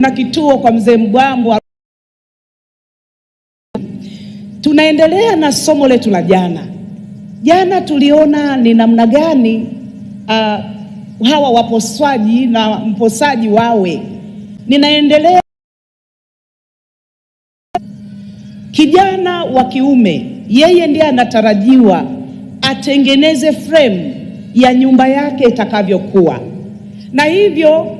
na kituo kwa mzee Mbwambo. Tunaendelea na somo letu la jana. Jana tuliona ni namna gani uh, hawa waposwaji na mposaji wawe. Ninaendelea kijana wa kiume, yeye ndiye anatarajiwa atengeneze frame ya nyumba yake itakavyokuwa, na hivyo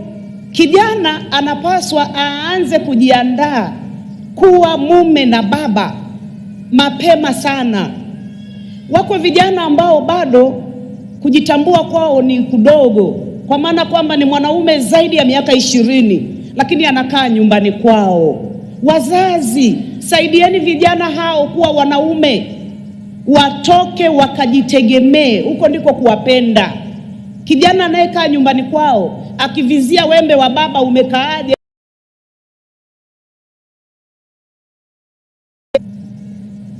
Kijana anapaswa aanze kujiandaa kuwa mume na baba mapema sana. Wako vijana ambao bado kujitambua kwao ni kudogo, kwa maana kwamba ni mwanaume zaidi ya miaka ishirini, lakini anakaa nyumbani kwao. Wazazi, saidieni vijana hao kuwa wanaume, watoke wakajitegemee. Huko ndiko kuwapenda. Kijana anayekaa nyumbani kwao akivizia wembe wa baba umekaaje.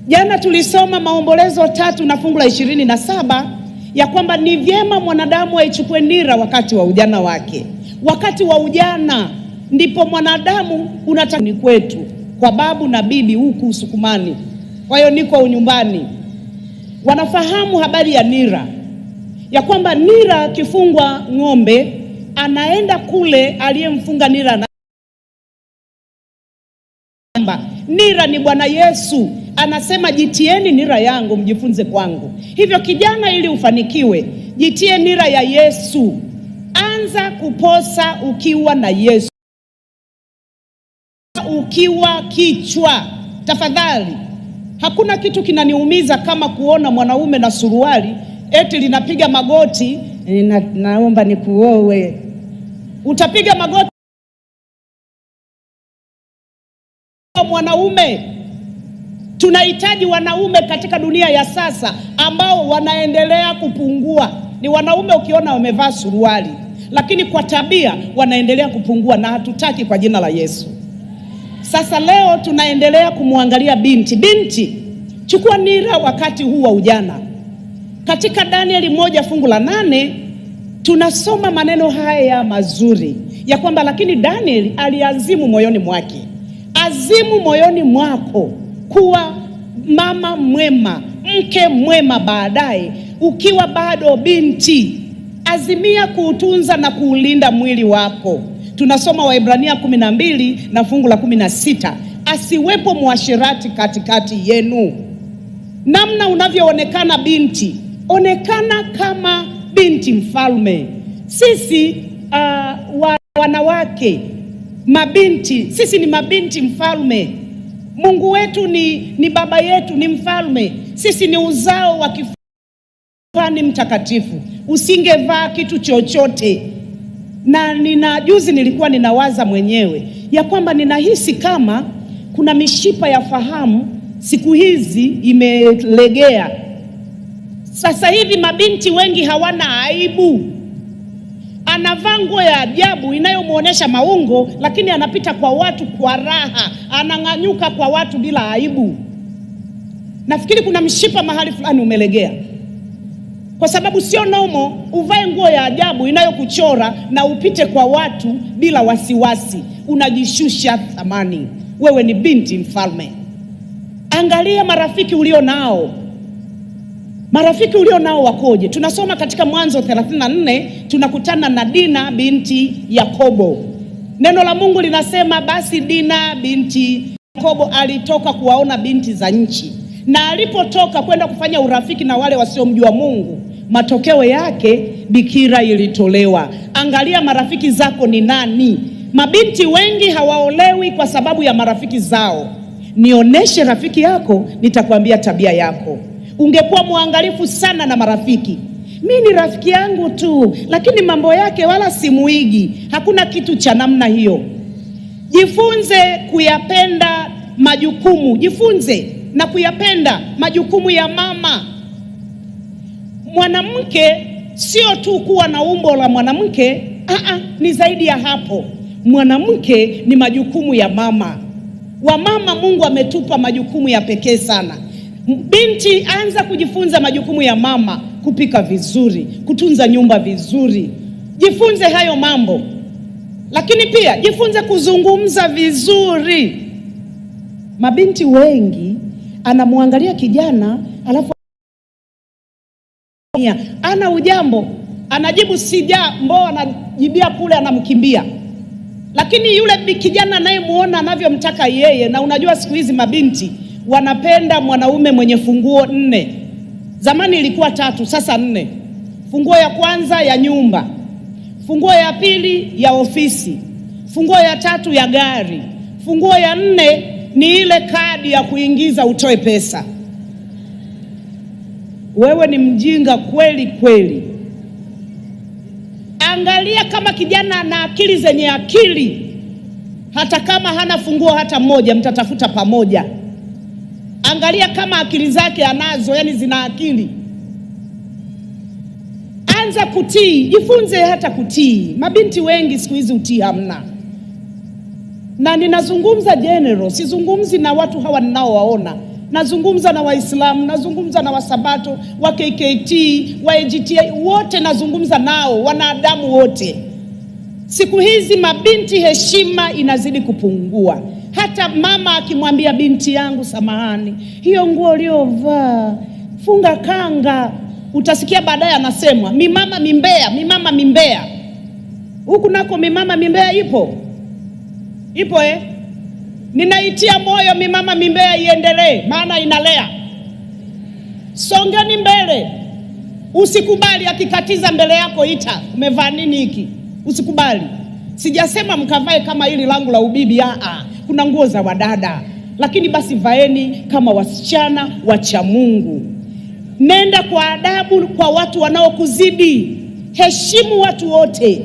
Jana tulisoma maombolezo tatu na fungu la ishirini na saba ya kwamba ni vyema mwanadamu aichukue nira wakati wa ujana wake. Wakati wa ujana ndipo mwanadamu unataka ni kwetu kwa babu na bibi huku Usukumani, kwa hiyo niko unyumbani, wanafahamu habari ya nira ya kwamba nira akifungwa ng'ombe anaenda kule, aliyemfunga nira na nira ni Bwana Yesu anasema, jitieni nira yangu mjifunze kwangu. Hivyo kijana, ili ufanikiwe, jitie nira ya Yesu. Anza kuposa ukiwa na Yesu ukiwa kichwa. Tafadhali, hakuna kitu kinaniumiza kama kuona mwanaume na suruali eti linapiga magoti, na, naomba nikuowe Utapiga magoti mwanaume. Tunahitaji wanaume katika dunia ya sasa ambao wanaendelea kupungua. Ni wanaume ukiona wamevaa suruali, lakini kwa tabia wanaendelea kupungua, na hatutaki kwa jina la Yesu. Sasa leo tunaendelea kumwangalia binti. Binti, chukua nira wakati huu wa ujana. Katika Danieli moja fungu la nane tunasoma maneno haya mazuri ya kwamba lakini daniel aliazimu moyoni mwake. Azimu moyoni mwako kuwa mama mwema, mke mwema, baadaye ukiwa bado binti. Azimia kuutunza na kuulinda mwili wako. Tunasoma Waebrania 12 na mbili na fungu la 16 sita asiwepo mwashirati katikati yenu. Namna unavyoonekana binti, onekana kama binti mfalme. Sisi uh, wa, wanawake mabinti, sisi ni mabinti mfalme. Mungu wetu ni, ni baba yetu, ni mfalme. Sisi ni uzao wa kifani mtakatifu, usingevaa kitu chochote. Na nina juzi nilikuwa ninawaza mwenyewe ya kwamba ninahisi kama kuna mishipa ya fahamu siku hizi imelegea sasa hivi mabinti wengi hawana aibu, anavaa nguo ya ajabu inayomwonyesha maungo, lakini anapita kwa watu kwa raha, anang'anyuka kwa watu bila aibu. Nafikiri kuna mshipa mahali fulani umelegea, kwa sababu sio nomo uvae nguo ya ajabu inayokuchora na upite kwa watu bila wasiwasi. Unajishusha thamani, wewe ni binti mfalme. Angalia marafiki ulio nao Marafiki ulio nao wakoje? Tunasoma katika Mwanzo 34 tunakutana na Dina binti Yakobo. Neno la Mungu linasema basi Dina binti Yakobo alitoka kuwaona binti za nchi, na alipotoka kwenda kufanya urafiki na wale wasiomjua Mungu, matokeo yake bikira ilitolewa. Angalia marafiki zako ni nani. Mabinti wengi hawaolewi kwa sababu ya marafiki zao. Nioneshe rafiki yako, nitakwambia tabia yako ungekuwa mwangalifu sana na marafiki. Mi ni rafiki yangu tu, lakini mambo yake wala simuigi. Hakuna kitu cha namna hiyo. Jifunze kuyapenda majukumu, jifunze na kuyapenda majukumu ya mama. Mwanamke sio tu kuwa na umbo la mwanamke, aa, ni zaidi ya hapo. Mwanamke ni majukumu ya mama. Wamama, Mungu ametupa majukumu ya pekee sana. Binti anza kujifunza majukumu ya mama, kupika vizuri, kutunza nyumba vizuri, jifunze hayo mambo, lakini pia jifunze kuzungumza vizuri. Mabinti wengi anamwangalia kijana, alafu ana ujambo, anajibu sija mboo anajibia kule, anamkimbia lakini yule kijana anayemwona anavyomtaka yeye. Na unajua siku hizi mabinti wanapenda mwanaume mwenye funguo nne. Zamani ilikuwa tatu, sasa nne. Funguo ya kwanza ya nyumba, funguo ya pili ya ofisi, funguo ya tatu ya gari, funguo ya nne ni ile kadi ya kuingiza utoe pesa. Wewe ni mjinga kweli kweli. Angalia kama kijana ana akili zenye akili, hata kama hana funguo hata moja, mtatafuta pamoja. Angalia kama akili zake anazo, yani zina akili. Anza kutii, jifunze hata kutii. Mabinti wengi siku hizi utii hamna, na ninazungumza general, sizungumzi na watu hawa ninaowaona nazungumza na Waislamu, nazungumza na Wasabato, wa KKT, wa AGTA, wote nazungumza nao, wanadamu wote. Siku hizi mabinti, heshima inazidi kupungua. Hata mama akimwambia binti yangu, samahani, hiyo nguo uliovaa funga kanga, utasikia baadaye anasemwa mimama mimbea, mimama mimbea. Huku nako mimama mimbea ipo ipo, eh? Ninaitia moyo mimama mimbea iendelee, maana inalea. Songeni mbele, usikubali akikatiza mbele yako, ita umevaa nini hiki, usikubali. Sijasema mkavae kama hili langu la ubibi, aa kuna nguo za wadada, lakini basi vaeni kama wasichana wacha Mungu. Nenda kwa adabu kwa watu wanaokuzidi, heshimu watu wote.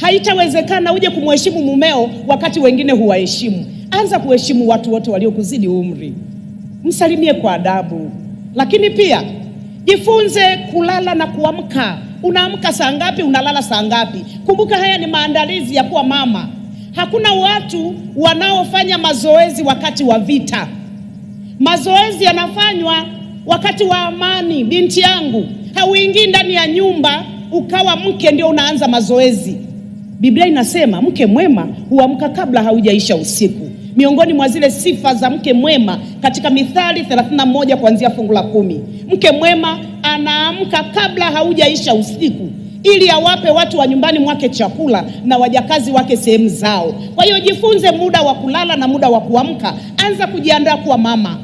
Haitawezekana uje kumheshimu mumeo wakati wengine huwaheshimu. Anza kuheshimu watu wote waliokuzidi umri, msalimie kwa adabu. Lakini pia jifunze kulala na kuamka. Unaamka saa ngapi? Unalala saa ngapi? Kumbuka haya ni maandalizi ya kuwa mama. Hakuna watu wanaofanya mazoezi wakati wa vita. Mazoezi yanafanywa wakati wa amani. Binti yangu, hauingii ndani ya nyumba ukawa mke ndio unaanza mazoezi. Biblia inasema mke mwema huamka kabla haujaisha usiku. Miongoni mwa zile sifa za mke mwema katika Mithali 31 kuanzia fungu la kumi, mke mwema anaamka kabla haujaisha usiku ili awape watu wa nyumbani mwake chakula na wajakazi wake sehemu zao. Kwa hiyo jifunze muda wa kulala na muda wa kuamka, anza kujiandaa kuwa mama,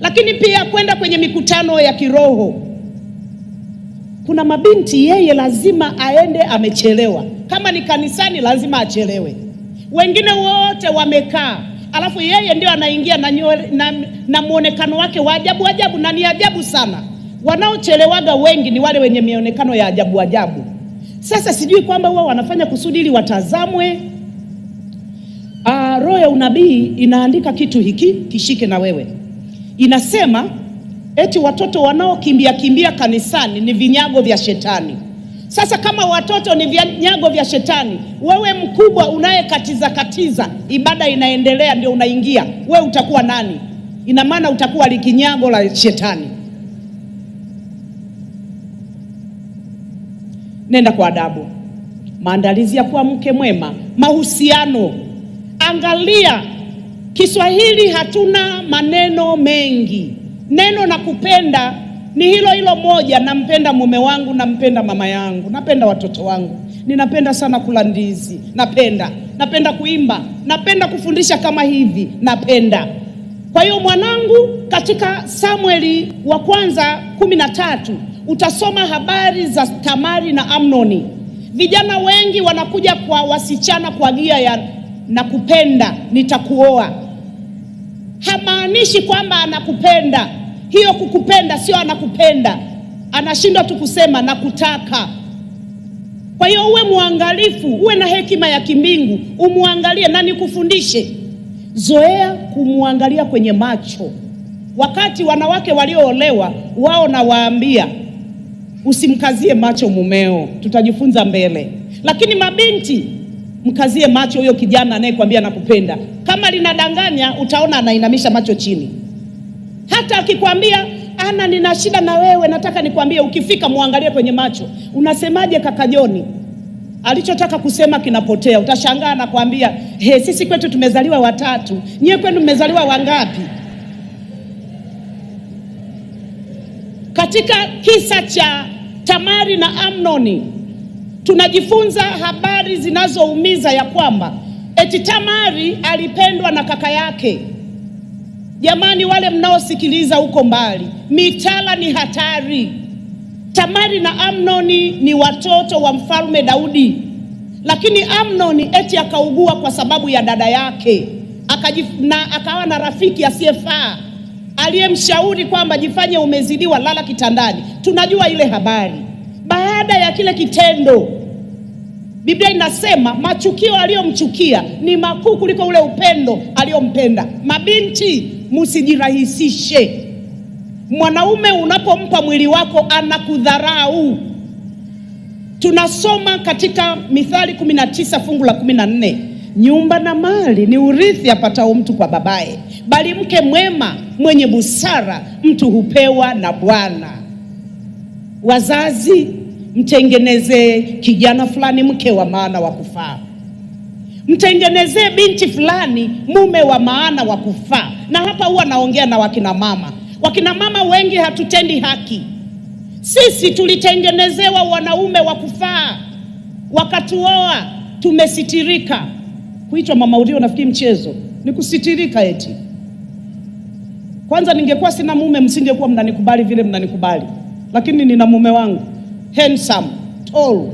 lakini pia kwenda kwenye mikutano ya kiroho. Kuna mabinti yeye lazima aende amechelewa, kama ni kanisani lazima achelewe, wengine wote wamekaa alafu yeye ndio anaingia na, na, na mwonekano wake wa ajabu ajabu, na ni ajabu sana. Wanaochelewaga wengi ni wale wenye mionekano ya ajabu ajabu. Sasa sijui kwamba huwa wanafanya kusudi ili watazamwe. Ah, roho ya unabii inaandika kitu hiki, kishike na wewe. Inasema eti watoto wanaokimbia kimbia kanisani ni vinyago vya shetani. Sasa kama watoto ni vinyago vya shetani, wewe mkubwa unayekatiza katiza, ibada inaendelea, ndio unaingia, we utakuwa nani? Ina maana utakuwa likinyago la shetani. nenda kwa adabu. Maandalizi ya kuwa mke mwema, mahusiano. Angalia Kiswahili, hatuna maneno mengi. Neno na kupenda ni hilo hilo moja, nampenda mume wangu, nampenda mama yangu, napenda watoto wangu, ninapenda sana kula ndizi, napenda napenda kuimba, napenda kufundisha kama hivi, napenda. Kwa hiyo mwanangu, katika Samueli wa kwanza kumi na tatu utasoma habari za Tamari na Amnoni. Vijana wengi wanakuja kwa wasichana kwa gia ya nakupenda, nitakuoa. Hamaanishi kwamba anakupenda. Hiyo kukupenda sio anakupenda, anashindwa tu kusema nakutaka. Kwa hiyo uwe mwangalifu, uwe na hekima ya kimbingu, umwangalie. Na nikufundishe, zoea kumwangalia kwenye macho. Wakati wanawake walioolewa wao, nawaambia Usimkazie macho mumeo, tutajifunza mbele. Lakini mabinti, mkazie macho huyo kijana anayekwambia nakupenda. Kama linadanganya, utaona anainamisha macho chini. Hata akikwambia ana nina shida na wewe, nataka nikwambie, ukifika muangalie kwenye macho, unasemaje kaka Joni? Alichotaka kusema kinapotea. Utashangaa nakwambia, he, sisi kwetu tumezaliwa watatu, nyewe kwenu mmezaliwa wangapi? Katika kisa cha Tamari na Amnoni, tunajifunza habari zinazoumiza ya kwamba eti Tamari alipendwa na kaka yake. Jamani, wale mnaosikiliza huko mbali, mitala ni hatari. Tamari na Amnoni ni watoto wa mfalme Daudi, lakini Amnoni eti akaugua kwa sababu ya dada yake akawa na rafiki asiyefaa aliyemshauri kwamba jifanye umezidiwa, lala kitandani. Tunajua ile habari. Baada ya kile kitendo, Biblia inasema machukio aliyomchukia ni makuu kuliko ule upendo aliyompenda. Mabinti, msijirahisishe. Mwanaume unapompa mwili wako anakudharau. Tunasoma katika Mithali 19 fungu la 14, nyumba na mali ni urithi apatao mtu kwa babaye bali mke mwema mwenye busara mtu hupewa na Bwana. Wazazi, mtengenezee kijana fulani mke wa maana wa kufaa, mtengenezee binti fulani mume wa maana wa kufaa. Na hapa huwa naongea na wakina mama. Wakina mama wengi hatutendi haki. Sisi tulitengenezewa wanaume wa kufaa, wakatuoa, tumesitirika. Kuitwa mama ulio, nafikiri mchezo ni kusitirika eti kwanza ningekuwa sina mume, msingekuwa mnanikubali vile mnanikubali, lakini nina mume wangu handsome, tall.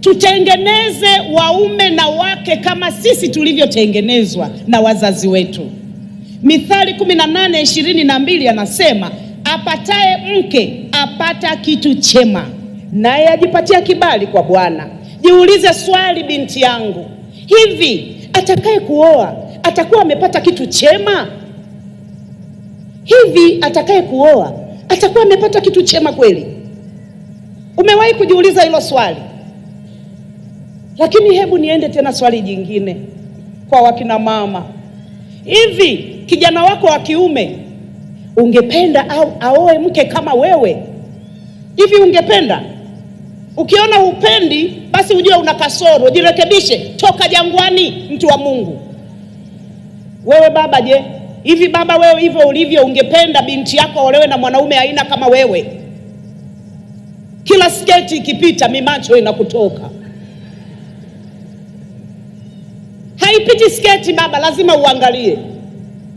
Tutengeneze waume na wake kama sisi tulivyotengenezwa na wazazi wetu. Mithali 1822 anasema apataye mke apata kitu chema, naye ajipatia kibali kwa Bwana. Jiulize swali binti yangu, hivi atakaye kuoa atakuwa amepata kitu chema? Hivi atakaye kuoa atakuwa amepata kitu chema kweli? Umewahi kujiuliza hilo swali? Lakini hebu niende tena swali jingine kwa wakina mama, hivi kijana wako wa kiume ungependa au aoe mke kama wewe? Hivi ungependa Ukiona hupendi, basi ujue una kasoro, jirekebishe, toka jangwani, mtu wa Mungu. Wewe baba, je, hivi baba, wewe hivyo ulivyo, ungependa binti yako olewe na mwanaume aina kama wewe? Kila sketi ikipita mimacho inakutoka, haipiti sketi baba, lazima uangalie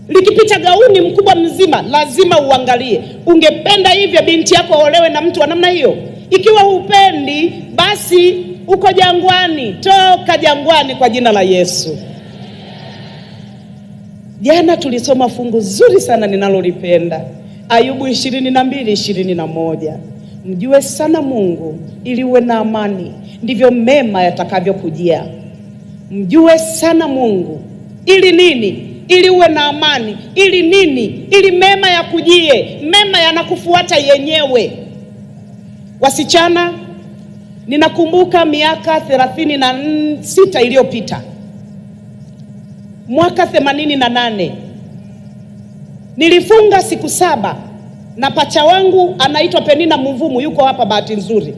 likipita gauni mkubwa mzima, lazima uangalie. Ungependa hivyo binti yako aolewe na mtu wa namna hiyo? Ikiwa hupendi, basi uko jangwani, toka jangwani kwa jina la Yesu. Jana tulisoma fungu zuri sana ninalolipenda Ayubu ishirini na mbili ishirini na moja mjue sana Mungu ili uwe na amani, ndivyo mema yatakavyokujia. Mjue sana Mungu ili nini? Ili uwe na amani, ili nini? Ili mema yakujie. Mema yanakufuata yenyewe. Wasichana, ninakumbuka miaka 36 iliyopita mwaka 88 na nane nilifunga siku saba na pacha wangu anaitwa Penina Mvumu, yuko hapa, bahati nzuri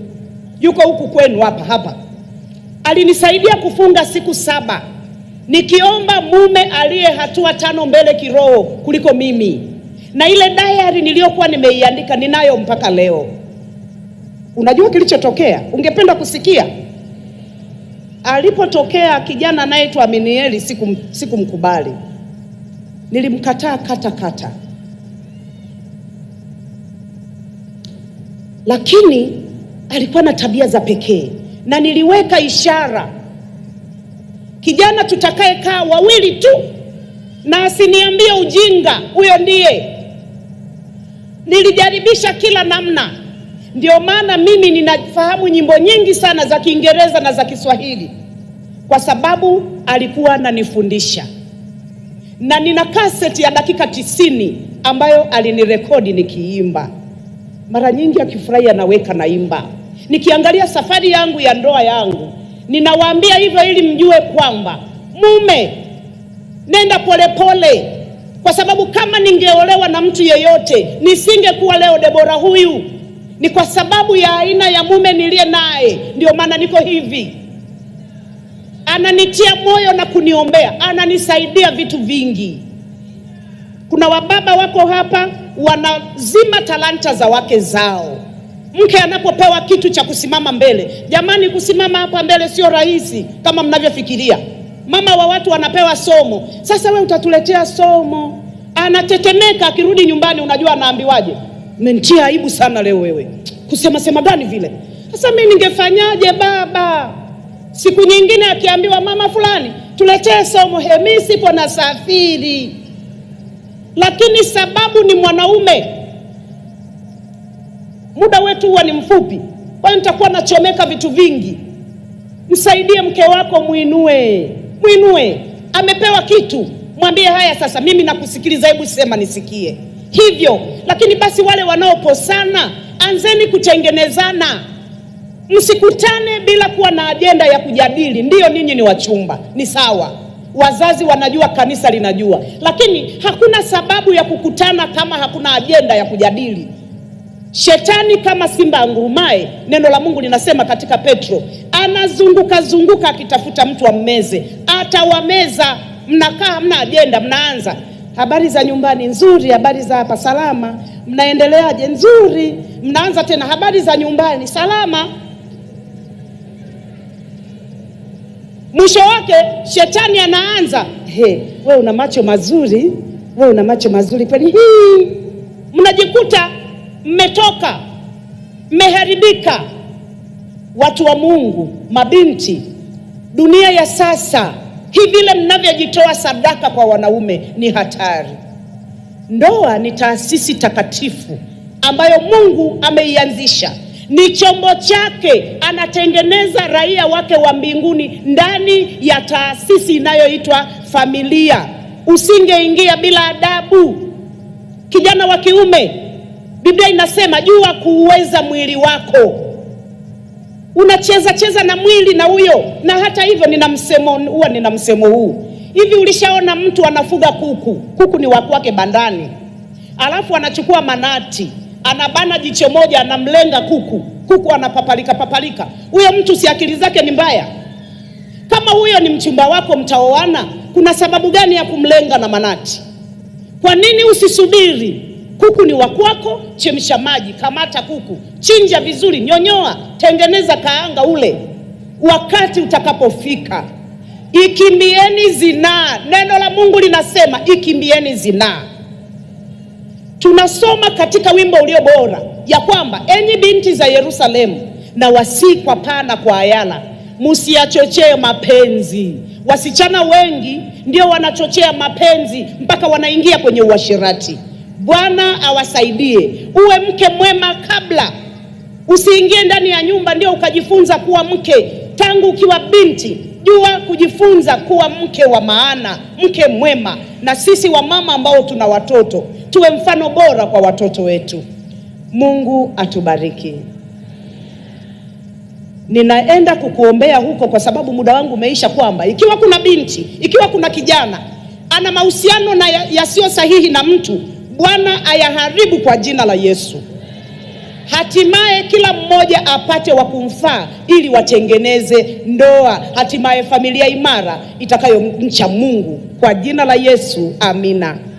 yuko huku kwenu hapa hapa. Alinisaidia kufunga siku saba nikiomba mume aliye hatua tano mbele kiroho kuliko mimi, na ile diary niliyokuwa nimeiandika ninayo mpaka leo. Unajua kilichotokea? Ungependa kusikia? Alipotokea kijana anayeitwa Aminieli, siku sikumkubali, nilimkataa kata kata, lakini alikuwa na tabia za pekee na niliweka ishara, kijana tutakayekaa wawili tu na asiniambie ujinga, huyo ndiye. Nilijaribisha kila namna ndio maana mimi ninafahamu nyimbo nyingi sana za Kiingereza na za Kiswahili kwa sababu alikuwa ananifundisha, na nina kaseti ya dakika tisini ambayo alinirekodi nikiimba. Mara nyingi akifurahi anaweka naimba, nikiangalia safari yangu ya ndoa yangu. Ninawaambia hivyo ili mjue kwamba mume, nenda polepole pole. Kwa sababu kama ningeolewa na mtu yeyote nisingekuwa leo Debora huyu ni kwa sababu ya aina ya mume niliye naye, ndio maana niko hivi. Ananitia moyo na kuniombea, ananisaidia vitu vingi. Kuna wababa wako hapa wanazima talanta za wake zao. Mke anapopewa kitu cha kusimama mbele, jamani, kusimama hapa mbele sio rahisi kama mnavyofikiria. Mama wa watu anapewa somo, sasa we utatuletea somo, anatetemeka. Akirudi nyumbani, unajua anaambiwaje? mentia aibu sana leo wewe, kusema sema gani vile. Sasa mimi ningefanyaje baba? Siku nyingine akiambiwa mama fulani tuletee somo hemisi sipo na safiri, lakini sababu ni mwanaume, muda wetu huwa ni mfupi, kwa hiyo nitakuwa nachomeka vitu vingi. Msaidie mke wako, mwinue, mwinue. Amepewa kitu, mwambie haya, sasa mimi nakusikiliza, hebu sema nisikie hivyo. Lakini basi wale wanaoposana, anzeni kutengenezana, msikutane bila kuwa na ajenda ya kujadili. Ndiyo, ninyi ni wachumba, ni sawa, wazazi wanajua, kanisa linajua, lakini hakuna sababu ya kukutana kama hakuna ajenda ya kujadili. Shetani kama simba angurumaye, neno la Mungu linasema katika Petro, anazunguka zunguka akitafuta mtu ammeze, atawameza. Mnakaa hamna ajenda, mnaanza Habari za nyumbani? Nzuri. Habari za hapa? Salama. Mnaendeleaje? Nzuri. Mnaanza tena, habari za nyumbani? Salama. Mwisho wake shetani anaanza he, we una macho mazuri, we una macho mazuri kweli. Hii mnajikuta mmetoka mmeharibika. Watu wa Mungu, mabinti, dunia ya sasa hii vile mnavyojitoa sadaka kwa wanaume ni hatari. Ndoa ni taasisi takatifu ambayo Mungu ameianzisha, ni chombo chake, anatengeneza raia wake wa mbinguni ndani ya taasisi inayoitwa familia. Usingeingia bila adabu. Kijana wa kiume, Biblia inasema jua kuuweza mwili wako unacheza cheza na mwili na huyo. Na hata hivyo, nina msemo huwa nina msemo huu hivi, ulishaona mtu anafuga kuku, kuku ni wa kwake bandani, alafu anachukua manati anabana jicho moja, anamlenga kuku, kuku anapapalika papalika. Huyo mtu si akili zake ni mbaya? Kama huyo ni mchumba wako, mtaoana, kuna sababu gani ya kumlenga na manati? Kwa nini usisubiri Kuku ni wakwako, chemsha maji, kamata kuku, chinja vizuri, nyonyoa, tengeneza kaanga, ule wakati utakapofika. Ikimbieni zinaa. Neno la Mungu linasema ikimbieni zinaa. Tunasoma katika wimbo ulio bora ya kwamba enyi binti za Yerusalemu, na wasii kwa Pana kwa Ayala, msiyachochee mapenzi. Wasichana wengi ndio wanachochea mapenzi mpaka wanaingia kwenye uasherati. Bwana awasaidie. Uwe mke mwema kabla, usiingie ndani ya nyumba ndio ukajifunza kuwa mke tangu ukiwa binti. Jua kujifunza kuwa mke wa maana, mke mwema. Na sisi wamama ambao tuna watoto tuwe mfano bora kwa watoto wetu. Mungu atubariki. Ninaenda kukuombea huko, kwa sababu muda wangu umeisha, kwamba ikiwa kuna binti, ikiwa kuna kijana ana mahusiano na yasiyo sahihi na mtu Bwana ayaharibu kwa jina la Yesu. Hatimaye kila mmoja apate wa kumfaa ili watengeneze ndoa, hatimaye familia imara itakayomcha Mungu kwa jina la Yesu. Amina.